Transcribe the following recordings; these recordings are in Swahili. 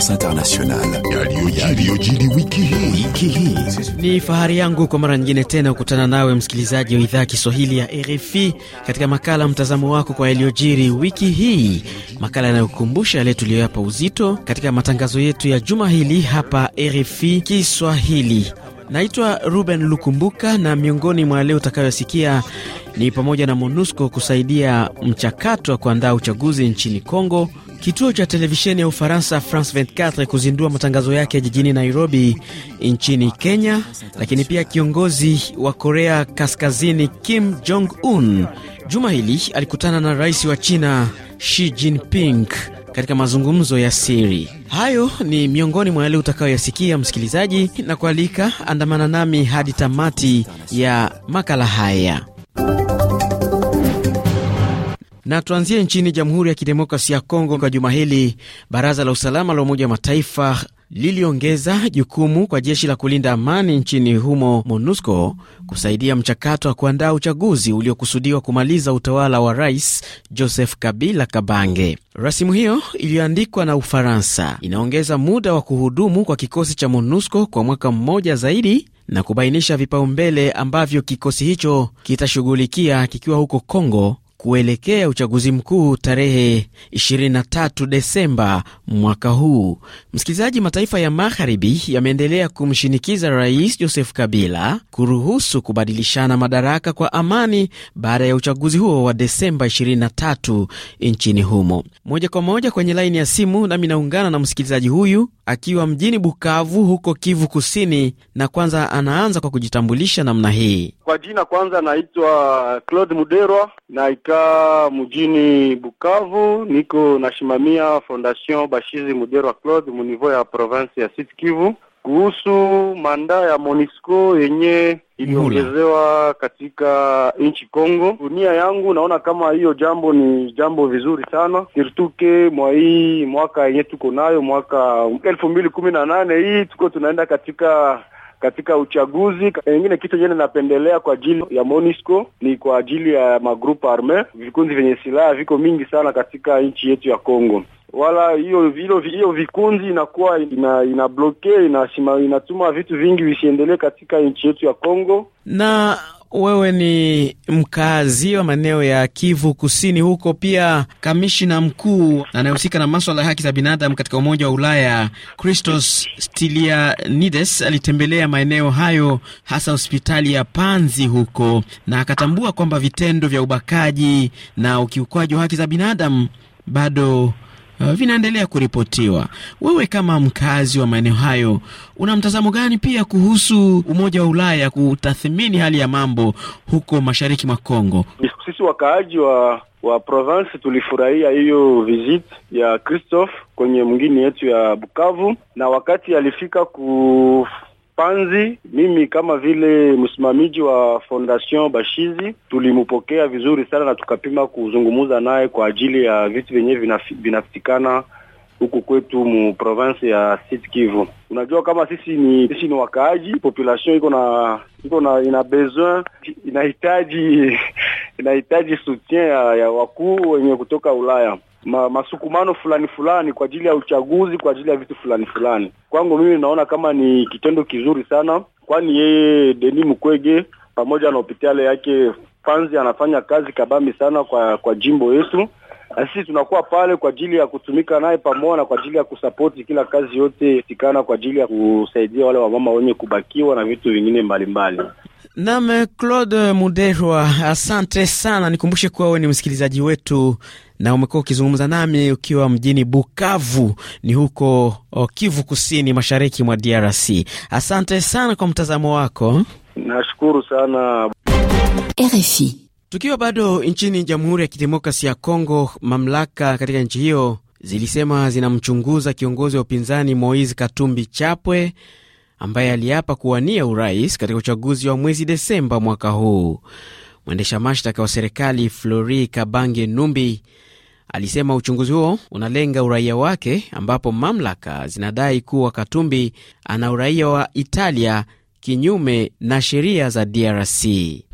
Conférence Internationale ni fahari yangu kwa mara nyingine tena kukutana nawe msikilizaji wa idhaa ya Kiswahili ya RFI katika makala mtazamo wako kwa yaliyojiri wiki hii, makala yanayokumbusha yale tuliyoyapa uzito katika matangazo yetu ya juma hili hapa RFI Kiswahili. Naitwa Ruben Lukumbuka na miongoni mwa leo utakayosikia ni pamoja na MONUSCO kusaidia mchakato wa kuandaa uchaguzi nchini Kongo, Kituo cha televisheni ya Ufaransa France 24 kuzindua matangazo yake jijini Nairobi nchini Kenya, lakini pia kiongozi wa Korea Kaskazini Kim Jong Un juma hili alikutana na rais wa China Xi Jinping katika mazungumzo ya siri. Hayo ni miongoni mwa yale utakayoyasikia msikilizaji, na kualika andamana nami hadi tamati ya makala haya. Na tuanzie nchini Jamhuri ya kidemokrasi ya Kongo. Kwa juma hili, Baraza la Usalama la Umoja wa Mataifa liliongeza jukumu kwa jeshi la kulinda amani nchini humo MONUSCO kusaidia mchakato wa kuandaa uchaguzi uliokusudiwa kumaliza utawala wa Rais Joseph Kabila Kabange. Rasimu hiyo iliyoandikwa na Ufaransa inaongeza muda wa kuhudumu kwa kikosi cha MONUSCO kwa mwaka mmoja zaidi na kubainisha vipaumbele ambavyo kikosi hicho kitashughulikia kikiwa huko congo kuelekea uchaguzi mkuu tarehe 23 Desemba mwaka huu. Msikilizaji, mataifa ya magharibi yameendelea kumshinikiza Rais Joseph Kabila kuruhusu kubadilishana madaraka kwa amani baada ya uchaguzi huo wa Desemba 23 nchini humo. Moja kwa moja kwenye laini ya simu, nami naungana na msikilizaji huyu akiwa mjini Bukavu huko Kivu Kusini, na kwanza anaanza kwa kujitambulisha namna hii. Kwa jina kwanza, naitwa Claude Muderwa na napatika mjini Bukavu, niko nashimamia Fondation Bashizi Muderwa Claude muniveau ya province ya Sud Kivu kuhusu manda ya Monisco yenye iliongezewa katika nchi Kongo. Dunia yangu naona kama hiyo jambo ni jambo vizuri sana sirtuke mwa hii mwaka yenye tuko nayo mwaka elfu mbili kumi na nane hii tuko tunaenda katika katika uchaguzi. Pengine kitu chenye napendelea kwa ajili ya Monisco ni kwa ajili ya magrupu arme, vikundi vyenye silaha viko mingi sana katika nchi yetu ya Kongo wala hiyo hiyo hiyo vikundi inakuwa ina ina bloke inasima inatuma vitu vingi visiendelee katika nchi yetu ya Kongo na wewe ni mkazi wa maeneo ya Kivu Kusini huko, pia kamishna mkuu anayehusika na maswala ya haki za binadamu katika Umoja wa Ulaya Christos Stylianides alitembelea maeneo hayo, hasa hospitali ya Panzi huko, na akatambua kwamba vitendo vya ubakaji na ukiukwaji wa haki za binadamu bado Eh, vinaendelea kuripotiwa. Wewe kama mkazi wa maeneo hayo, una mtazamo gani pia kuhusu Umoja wa Ulaya kutathmini hali ya mambo huko mashariki mwa Kongo? Sisi wakaaji wa wa province tulifurahia hiyo visit ya Christophe kwenye mgini yetu ya Bukavu, na wakati alifika ku Panzi, mimi kama vile msimamizi wa Fondation Bashizi tulimpokea vizuri sana na tukapima kuzungumza naye kwa ajili ya vitu vyenyewe vinafitikana huku kwetu mu province ya Sud Kivu. Unajua kama sisi ni sisi ni wakaaji, population iko na iko na ina besoin inahitaji inahitaji soutien ya, ya wakuu wenye kutoka Ulaya ma, masukumano fulani fulani kwa ajili ya uchaguzi, kwa ajili ya vitu fulani fulani. Kwangu mimi naona kama ni kitendo kizuri sana, kwani yeye Denis Mukwege pamoja na hospitali yake fanzi anafanya kazi kabambi sana kwa kwa jimbo yetu, na sisi tunakuwa pale kwa ajili ya kutumika naye pamoja, kwa ajili ya kusapoti kila kazi yote tikana, kwa ajili ya kusaidia wale wamama wenye kubakiwa na vitu vingine mbalimbali mbali. Nam eh, Claude Muderwa, asante sana. Nikumbushe kuwa wewe ni msikilizaji wetu na umekuwa ukizungumza nami ukiwa mjini Bukavu, ni huko oh, Kivu Kusini, mashariki mwa DRC. Asante sana kwa mtazamo wako, nashukuru sana RFI. Tukiwa bado nchini Jamhuri ya Kidemokrasi ya Kongo, mamlaka katika nchi hiyo zilisema zinamchunguza kiongozi wa upinzani Moise Katumbi Chapwe ambaye aliapa kuwania urais katika uchaguzi wa mwezi Desemba mwaka huu. Mwendesha mashtaka wa serikali Flori Kabange Numbi alisema uchunguzi huo unalenga uraia wake, ambapo mamlaka zinadai kuwa Katumbi ana uraia wa Italia kinyume na sheria za DRC.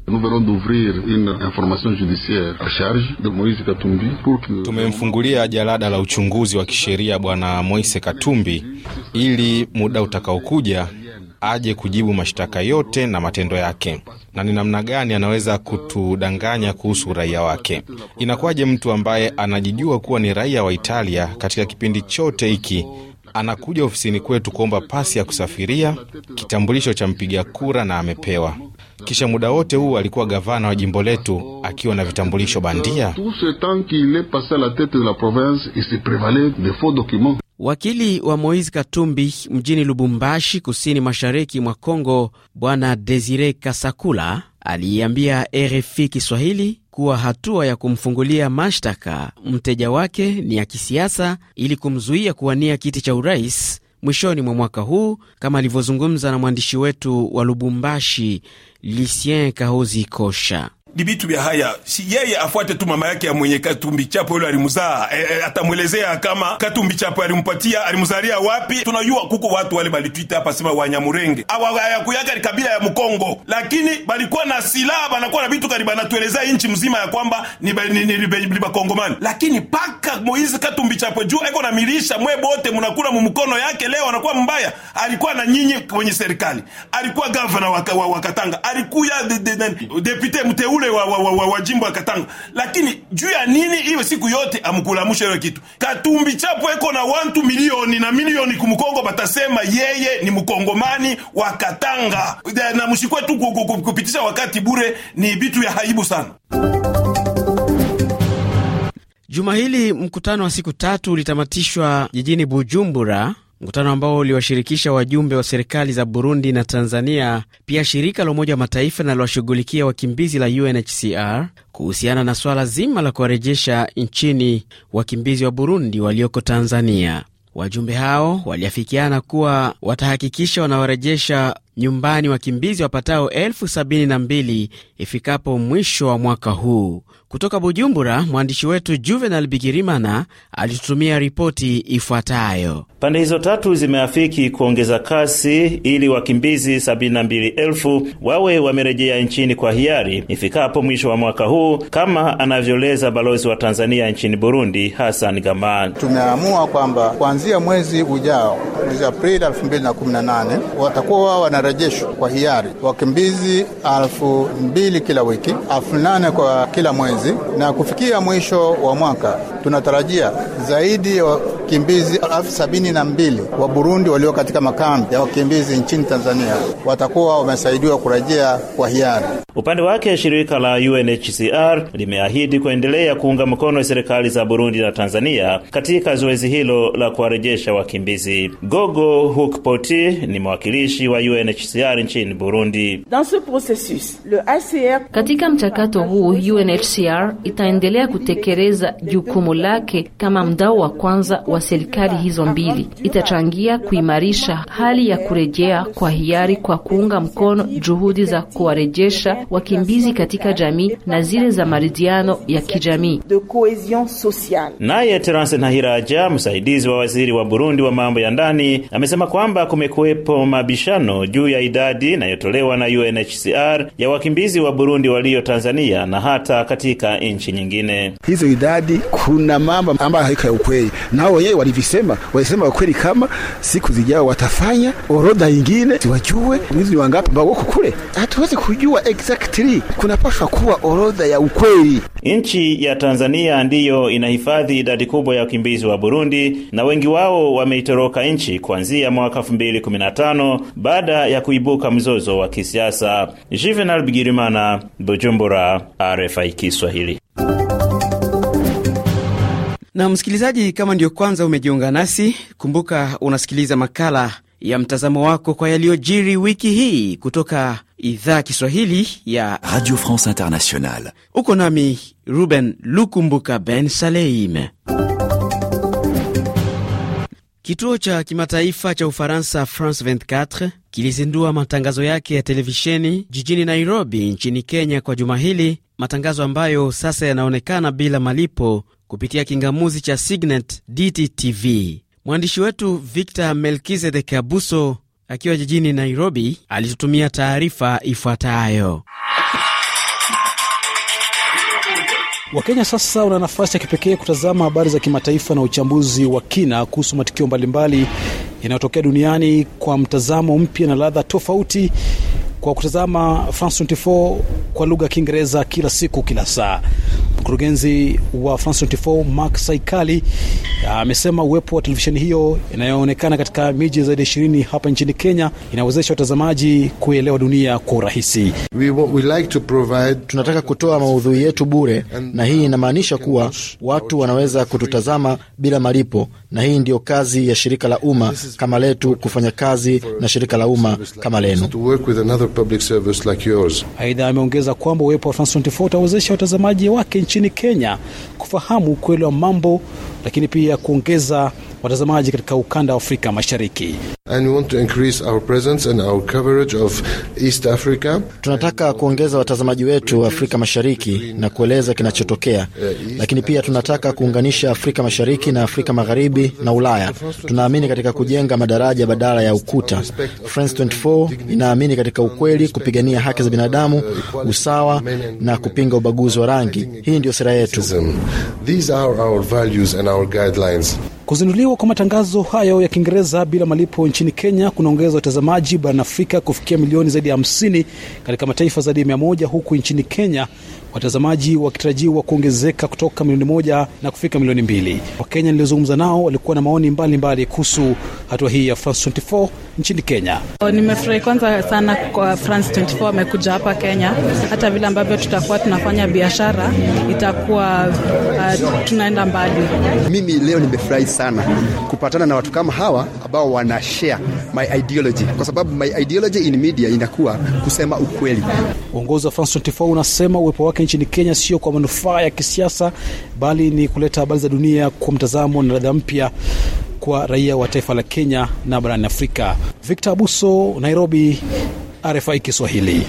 Nous venons d'ouvrir une information judiciaire à charge de Moïse Katumbi pour que... Tumemfungulia jalada la uchunguzi wa kisheria bwana Moise Katumbi ili muda utakaokuja aje kujibu mashtaka yote na matendo yake, na ni namna gani anaweza kutudanganya kuhusu uraia wake. Inakuwaje mtu ambaye anajijua kuwa ni raia wa Italia katika kipindi chote hiki anakuja ofisini kwetu kuomba pasi ya kusafiria, kitambulisho cha mpiga kura na amepewa kisha muda wote huu alikuwa gavana wa jimbo letu akiwa na vitambulisho bandia. Wakili wa Moise Katumbi mjini Lubumbashi, kusini mashariki mwa Kongo, Bwana Desire Kasakula aliiambia RFI Kiswahili kuwa hatua ya kumfungulia mashtaka mteja wake ni ya kisiasa ili kumzuia kuwania kiti cha urais mwishoni mwa mwaka huu, kama alivyozungumza na mwandishi wetu wa Lubumbashi Lucien Kahozi Kosha bibitu vya haya si yeye afuate tu mama yake ya mwenye katumbi chapo yule alimzaa, e, e, atamwelezea kama katumbi chapo alimpatia alimzalia wapi. Tunajua kuko watu wale balitwita hapa sema Wanyamurenge awayakuyaka ni kabila ya Mkongo, lakini balikuwa na silaha banakuwa na vitu kariba banatuelezea nchi mzima ya kwamba ni bakongomani, lakini paka Moizi katumbi chapo juu aiko na milisha mwe bote mnakula mumkono yake, leo anakuwa mbaya. Alikuwa na nyinyi kwenye serikali, alikuwa gavana wa Katanga, alikuwa depute mteule yule wa, wa, wa, wa, wa jimbo ya Katanga, lakini juu ya nini hiyo siku yote amkulamusha hiyo kitu? Katumbi chapo eko na wantu milioni na milioni kumkongo, batasema yeye ni mkongomani wa Katanga, na mshikwe tu kupitisha wakati bure, ni vitu ya haibu sana. Juma hili mkutano wa siku tatu ulitamatishwa jijini Bujumbura mkutano ambao uliwashirikisha wajumbe wa serikali za Burundi na Tanzania, pia shirika la Umoja wa Mataifa linalowashughulikia wakimbizi la UNHCR kuhusiana na swala zima la kuwarejesha nchini wakimbizi wa Burundi walioko Tanzania. Wajumbe hao waliafikiana kuwa watahakikisha wanawarejesha nyumbani wakimbizi wapatao elfu sabini na mbili ifikapo mwisho wa mwaka huu. Kutoka Bujumbura, mwandishi wetu Juvenal Bigirimana alitutumia ripoti ifuatayo. Pande hizo tatu zimeafiki kuongeza kasi ili wakimbizi 72,000 wawe wamerejea nchini kwa hiari ifikapo mwisho wa mwaka huu, kama anavyoeleza balozi wa Tanzania nchini Burundi Hassan Gaman. Tumeamua kwamba kuanzia mwezi ujao, mwezi Aprili 2018 watakuwa wana marejesho kwa hiari wakimbizi elfu mbili kila wiki, elfu nane kwa kila mwezi, na kufikia mwisho wa mwaka tunatarajia zaidi ya wakimbizi elfu sabini na mbili wa Burundi walio katika makambi ya wakimbizi nchini Tanzania watakuwa wamesaidiwa kurejea kwa hiari. Upande wake, shirika la UNHCR limeahidi kuendelea kuunga mkono serikali za Burundi na Tanzania katika zoezi hilo la kuwarejesha wakimbizi. Gogo Hukpoti ni mwakilishi wa UNHCR nchini Burundi. Katika mchakato huu UNHCR itaendelea kutekeleza jukumu lake kama mdau wa kwanza wa wa serikali hizo mbili itachangia kuimarisha hali ya kurejea kwa hiari kwa kuunga mkono juhudi za kuwarejesha wakimbizi katika jamii na zile za maridhiano ya kijamii. Naye Terence Ntahiraja, msaidizi wa waziri wa Burundi wa mambo ya ndani, amesema kwamba kumekuwepo mabishano juu ya idadi inayotolewa na UNHCR ya wakimbizi wa Burundi walio Tanzania na hata katika nchi nyingine. Hizo idadi kuna mambo ambayo haiko ukweli nao wenyewe walivisema, walisema kweli kama siku zijao watafanya orodha nyingine, siwajue mwezi wangapi ambao wako kule. Hatuwezi kujua exactly, kunapaswa kuwa orodha ya ukweli. Nchi ya Tanzania ndiyo inahifadhi idadi kubwa ya wakimbizi wa Burundi na wengi wao wameitoroka nchi kuanzia mwaka 2015 baada ya kuibuka mzozo wa kisiasa. Juvenal Bigirimana, Bujumbura, RFI Kiswahili. Na msikilizaji, kama ndiyo kwanza umejiunga nasi, kumbuka unasikiliza makala ya mtazamo wako kwa yaliyojiri wiki hii kutoka idhaa Kiswahili ya Radio France Internationale. Uko nami Ruben Lukumbuka Ben Saleim. Kituo cha kimataifa cha Ufaransa France 24 kilizindua matangazo yake ya televisheni jijini Nairobi nchini Kenya kwa juma hili, matangazo ambayo sasa yanaonekana bila malipo kupitia kingamuzi cha Signet DTTV. Mwandishi wetu Victor Melkizedek Abuso akiwa jijini Nairobi alitutumia taarifa ifuatayo. Wakenya sasa wana nafasi ya kipekee kutazama habari za kimataifa na uchambuzi wa kina kuhusu matukio mbalimbali yanayotokea duniani kwa mtazamo mpya na ladha tofauti kwa kutazama France 24 kwa lugha ya Kiingereza kila siku kila saa. Mkurugenzi wa France 24 Mark Saikali amesema uwepo wa televisheni hiyo inayoonekana katika miji zaidi ya 20 hapa nchini Kenya inawezesha watazamaji kuelewa dunia kwa urahisi. like provide... tunataka kutoa maudhui yetu bure na hii inamaanisha kuwa watu wanaweza kututazama bila malipo, na hii ndiyo kazi ya shirika la umma kama letu kufanya kazi na shirika la umma kama lenu public service like yours. Aidha, ameongeza kwamba uwepo wa France 24 utawezesha watazamaji wake nchini Kenya kufahamu ukweli wa mambo, lakini pia kuongeza watazamaji katika ukanda wa Afrika Mashariki. Tunataka uh, kuongeza watazamaji wetu wa Afrika Mashariki na kueleza kinachotokea, uh, lakini pia tunataka kuunganisha Afrika Mashariki na Afrika Magharibi na Ulaya. Tunaamini katika kujenga madaraja badala ya ukuta. France 24 inaamini katika ukweli, kupigania haki za binadamu, usawa na kupinga ubaguzi wa rangi. Hii ndiyo sera yetu. These are our values and our guidelines. Kuzinduliwa kwa matangazo hayo ya Kiingereza bila malipo nchini Kenya kunaongeza watazamaji barani Afrika kufikia milioni zaidi ya 50 katika mataifa zaidi ya 100 huku nchini Kenya watazamaji wakitarajiwa kuongezeka kutoka milioni moja na kufika milioni mbili. Wakenya niliozungumza nao walikuwa na maoni mbalimbali kuhusu hatua hii ya France 24 nchini Kenya. Oh, nimefurahi kwanza sana kwa France 24 amekuja hapa Kenya, hata vile ambavyo tutakuwa tunafanya biashara itakuwa uh, tunaenda mbali. Mimi leo nimefurahi sana kupatana na watu kama hawa ambao wana share my ideology, kwa sababu my ideology in media inakuwa kusema ukweli. Uongozi wa France 24 unasema uwepo wake nchini Kenya sio kwa manufaa ya kisiasa, bali ni kuleta habari za dunia kwa mtazamo na ladha mpya kwa raia wa taifa la Kenya na barani Afrika. Victor Abuso, Nairobi, RFI Kiswahili.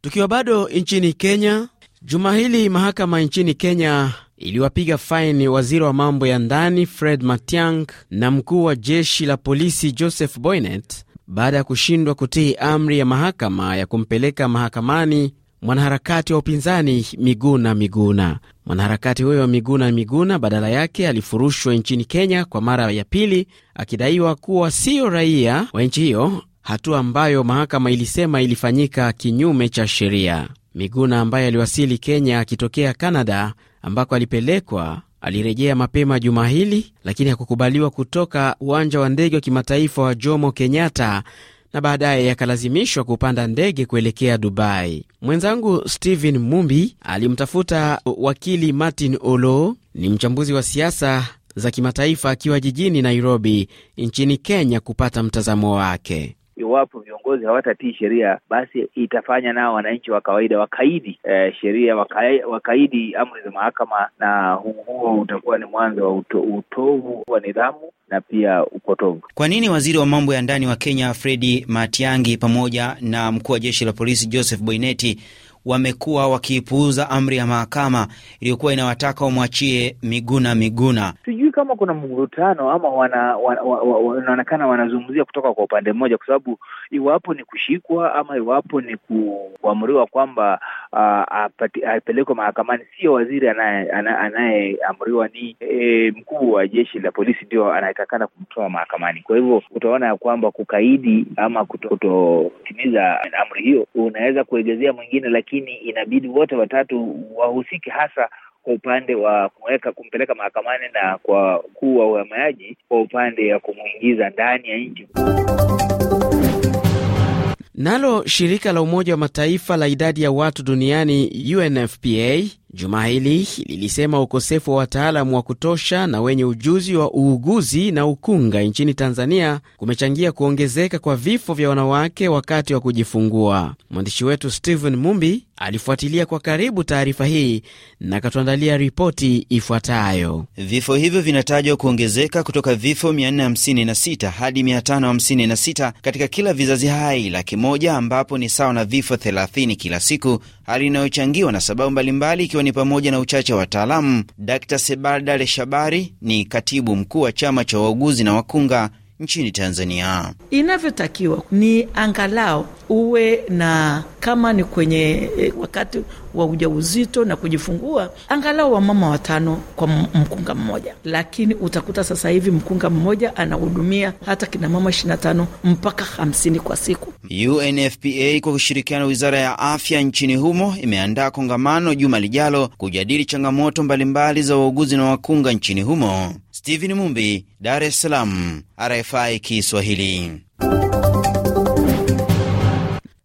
Tukiwa bado nchini Kenya, juma hili mahakama nchini Kenya iliwapiga faini waziri wa mambo ya ndani Fred Matiang na mkuu wa jeshi la polisi Joseph Boynet baada ya kushindwa kutii amri ya mahakama ya kumpeleka mahakamani mwanaharakati wa upinzani Miguna Miguna. Mwanaharakati huyo Miguna Miguna badala yake alifurushwa nchini Kenya kwa mara ya pili, akidaiwa kuwa siyo raia wa nchi hiyo, hatua ambayo mahakama ilisema ilifanyika kinyume cha sheria. Miguna ambaye aliwasili Kenya akitokea Kanada ambako alipelekwa alirejea mapema juma hili, lakini hakukubaliwa kutoka uwanja wa ndege wa kimataifa wa Jomo Kenyatta na baadaye yakalazimishwa kupanda ndege kuelekea Dubai. Mwenzangu stephen Mumbi alimtafuta wakili Martin Olo, ni mchambuzi wa siasa za kimataifa akiwa jijini Nairobi nchini Kenya kupata mtazamo wake iwapo viongozi hawatatii sheria, basi itafanya nao wananchi wa kawaida wakaidi e, sheria wakaidi, wakaidi amri za mahakama, na huo utakuwa ni mwanzo wa uto, utovu wa nidhamu na pia upotovu. Kwa nini waziri wa mambo ya ndani wa Kenya Fredi Matiang'i pamoja na mkuu wa jeshi la polisi Joseph Boineti wamekuwa wakiipuuza amri ya mahakama iliyokuwa inawataka wamwachie Miguna Miguna. Sijui kama kuna mvutano ama wanaonekana wana, wana, wana, wanazungumzia kutoka kwa upande mmoja, kwa sababu iwapo ni kushikwa ama iwapo ni kuamriwa kwamba uh, apelekwe mahakamani, sio waziri anayeamriwa, ni e, mkuu wa jeshi la polisi ndio anayetakana kumtoa mahakamani. Kwa hivyo utaona ya kwamba kukaidi ama kutotimiza kuto amri hiyo unaweza kuegezea mwingine, lakini lakini inabidi wote watatu wahusike hasa kwa upande wa kumweka kumpeleka mahakamani na kwa kuu wa uhamiaji kwa upande ya kumwingiza ndani ya nchi. Nalo shirika la Umoja wa Mataifa la idadi ya watu duniani UNFPA juma hili lilisema ukosefu wa wataalamu wa kutosha na wenye ujuzi wa uuguzi na ukunga nchini Tanzania kumechangia kuongezeka kwa vifo vya wanawake wakati wa kujifungua. Mwandishi wetu Stephen Mumbi alifuatilia kwa karibu taarifa hii na akatuandalia ripoti ifuatayo. Vifo hivyo vinatajwa kuongezeka kutoka vifo 456 hadi 556 katika kila vizazi hai laki moja, ambapo ni sawa na vifo 30 kila siku, hali inayochangiwa na sababu mbalimbali, ikiwa ni pamoja na uchache wa wataalamu. d Sebarda Shabari ni katibu mkuu wa chama cha wauguzi na wakunga nchini Tanzania. Inavyotakiwa ni angalau uwe na kama ni kwenye e, wakati wa ujauzito na kujifungua, angalau wamama watano kwa mkunga mmoja, lakini utakuta sasa hivi mkunga mmoja anahudumia hata kina mama 25 mpaka 50 kwa siku. UNFPA kwa kushirikiana na wizara ya afya nchini humo imeandaa kongamano juma lijalo kujadili changamoto mbalimbali za wauguzi na wakunga nchini humo. Stephen Mumbi, Dar es Salaam, RFI Kiswahili.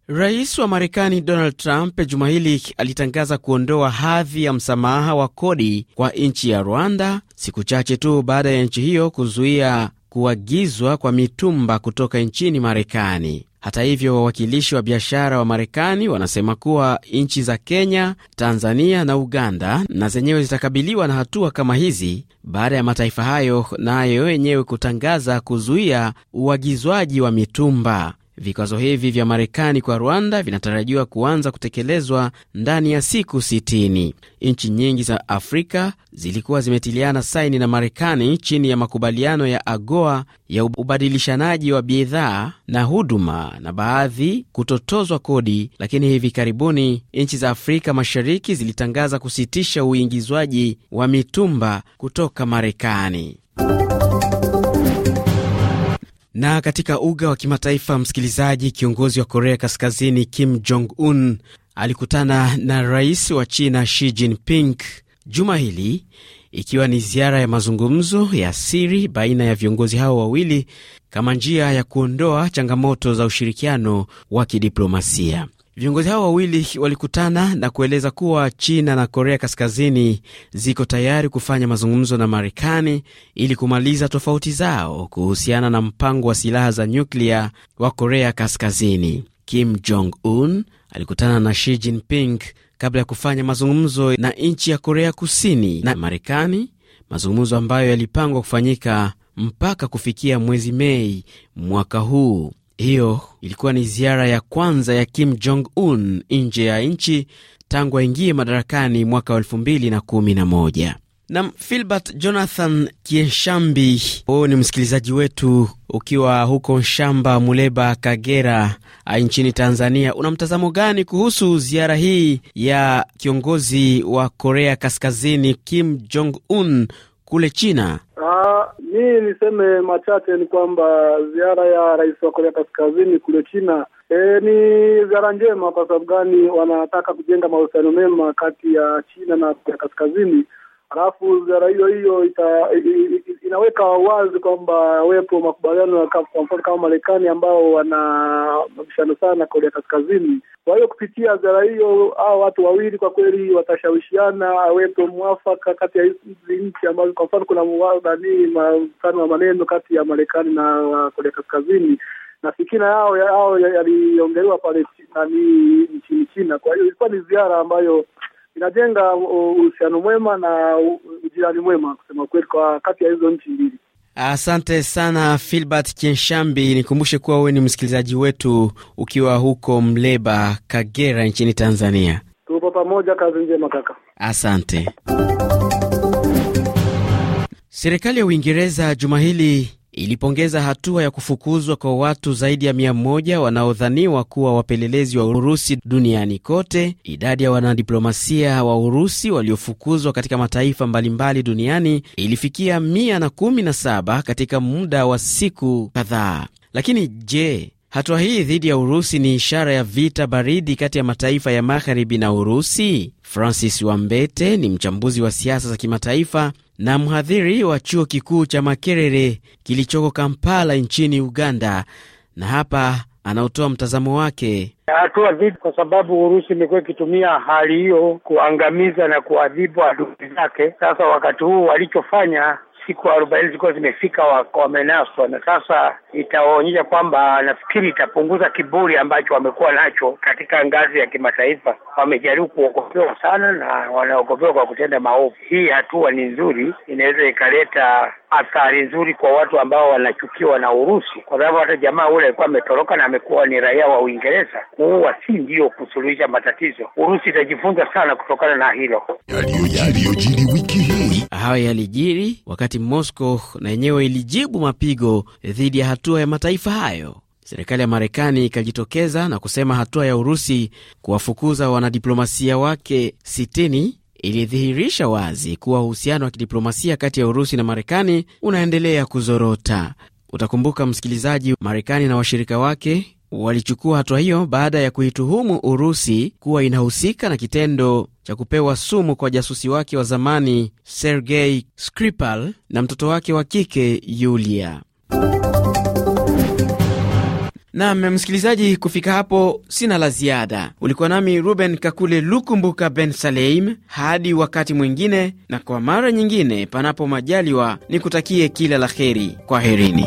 Rais wa Marekani Donald Trump juma hili alitangaza kuondoa hadhi ya msamaha wa kodi kwa nchi ya Rwanda siku chache tu baada ya nchi hiyo kuzuia kuagizwa kwa mitumba kutoka nchini Marekani. Hata hivyo, wawakilishi wa biashara wa Marekani wanasema kuwa nchi za Kenya, Tanzania na Uganda na zenyewe zitakabiliwa na hatua kama hizi baada ya mataifa hayo nayo na yenyewe kutangaza kuzuia uagizwaji wa mitumba. Vikwazo hivi vya Marekani kwa Rwanda vinatarajiwa kuanza kutekelezwa ndani ya siku 60. Nchi nyingi za Afrika zilikuwa zimetiliana saini na Marekani chini ya makubaliano ya AGOA ya ubadilishanaji wa bidhaa na huduma na baadhi kutotozwa kodi, lakini hivi karibuni nchi za Afrika Mashariki zilitangaza kusitisha uingizwaji wa mitumba kutoka Marekani. Na katika uga wa kimataifa, msikilizaji, kiongozi wa Korea Kaskazini Kim Jong Un alikutana na rais wa China Xi Jinping juma hili ikiwa ni ziara ya mazungumzo ya siri baina ya viongozi hao wawili kama njia ya kuondoa changamoto za ushirikiano wa kidiplomasia. Viongozi hao wawili walikutana na kueleza kuwa China na Korea Kaskazini ziko tayari kufanya mazungumzo na Marekani ili kumaliza tofauti zao kuhusiana na mpango wa silaha za nyuklia wa Korea Kaskazini. Kim Jong Un alikutana na Xi Jinping kabla ya kufanya mazungumzo na nchi ya Korea Kusini na Marekani, mazungumzo ambayo yalipangwa kufanyika mpaka kufikia mwezi Mei mwaka huu. Hiyo ilikuwa ni ziara ya kwanza ya Kim Jong Un nje ya nchi tangu aingie madarakani mwaka 211 Nam Filbert Jonathan kieshambi huyu ni msikilizaji wetu ukiwa huko shamba Muleba, Kagera nchini Tanzania. Una mtazamo gani kuhusu ziara hii ya kiongozi wa Korea Kaskazini Kim Jong Un kule China? mii niseme machache ni kwamba ziara ya rais wa Korea Kaskazini kule China E, ni ziara njema. Kwa sababu gani? Wanataka kujenga mahusiano mema kati ya China na Korea Kaskazini, Alafu ziara hiyo hiyo ita, inaweka wazi kwamba wepo makubaliano kwa mfano kama Marekani ambao wana wanabishana sana Korea Kaskazini. Kwa hiyo kupitia ziara hiyo hao watu wawili kwa kweli watashawishiana, awepo mwafaka kati ya hizi nchi ambazo kwa mfano kuna nanii mfano wa maneno kati ya Marekani na Korea Kaskazini na fikina yao yao yaliongelewa pale nchini China. Kwa hiyo ilikuwa ni ziara ambayo inajenga uh, uhusiano mwema na uh, ujirani mwema kusema kweli, kwa kati ya hizo nchi mbili. Asante sana Filbert Chenshambi. Nikumbushe kuwa wewe ni msikilizaji wetu ukiwa huko Mleba, Kagera nchini Tanzania. Tupo pamoja, kazi njema kaka, asante. Serikali ya Uingereza juma hili ilipongeza hatua ya kufukuzwa kwa watu zaidi ya 1 wanaodhaniwa kuwa wapelelezi wa Urusi duniani kote. Idadi ya wanadiplomasia wa Urusi waliofukuzwa katika mataifa mbalimbali duniani ilifikia 117 na katika muda wa siku kadhaa. Lakini je, hatua hii dhidi ya Urusi ni ishara ya vita baridi kati ya mataifa ya magharibi na Urusi? Francis Wambete ni mchambuzi wa siasa za kimataifa na mhadhiri wa chuo kikuu cha Makerere kilichoko Kampala nchini Uganda, na hapa anaotoa mtazamo wake. Hatua vipi? Kwa sababu Urusi imekuwa ikitumia hali hiyo kuangamiza na kuadhibu adui zake. Sasa wakati huu walichofanya siku arobaini zilikuwa zimefika wamenaswa wa na sasa itaonyesha kwamba nafikiri itapunguza kiburi ambacho wamekuwa nacho katika ngazi ya kimataifa. Wamejaribu kuogopewa sana na wanaogopewa kwa kutenda maovu. Hii hatua ni nzuri, inaweza ikaleta athari nzuri kwa watu ambao wanachukiwa na Urusi, kwa sababu hata jamaa ule alikuwa ametoroka na amekuwa ni raia wa Uingereza. Kuua si ndio kusuluhisha matatizo. Urusi itajifunza sana kutokana na hilo. Yaliyojiri wiki hii. Hayo yalijiri wakati Moscow na yenyewe ilijibu mapigo dhidi ya hatua ya mataifa hayo. Serikali ya Marekani ikajitokeza na kusema hatua ya Urusi kuwafukuza wanadiplomasia wake 60 ilidhihirisha wazi kuwa uhusiano wa kidiplomasia kati ya Urusi na Marekani unaendelea kuzorota. Utakumbuka msikilizaji, Marekani na washirika wake Walichukua hatua hiyo baada ya kuituhumu Urusi kuwa inahusika na kitendo cha kupewa sumu kwa jasusi wake wa zamani Sergei Skripal na mtoto wake wa kike Yulia. Nam msikilizaji, kufika hapo sina la ziada. Ulikuwa nami Ruben Kakule Lukumbuka Ben Saleim, hadi wakati mwingine, na kwa mara nyingine, panapo majaliwa, nikutakie kila la heri. kwa herini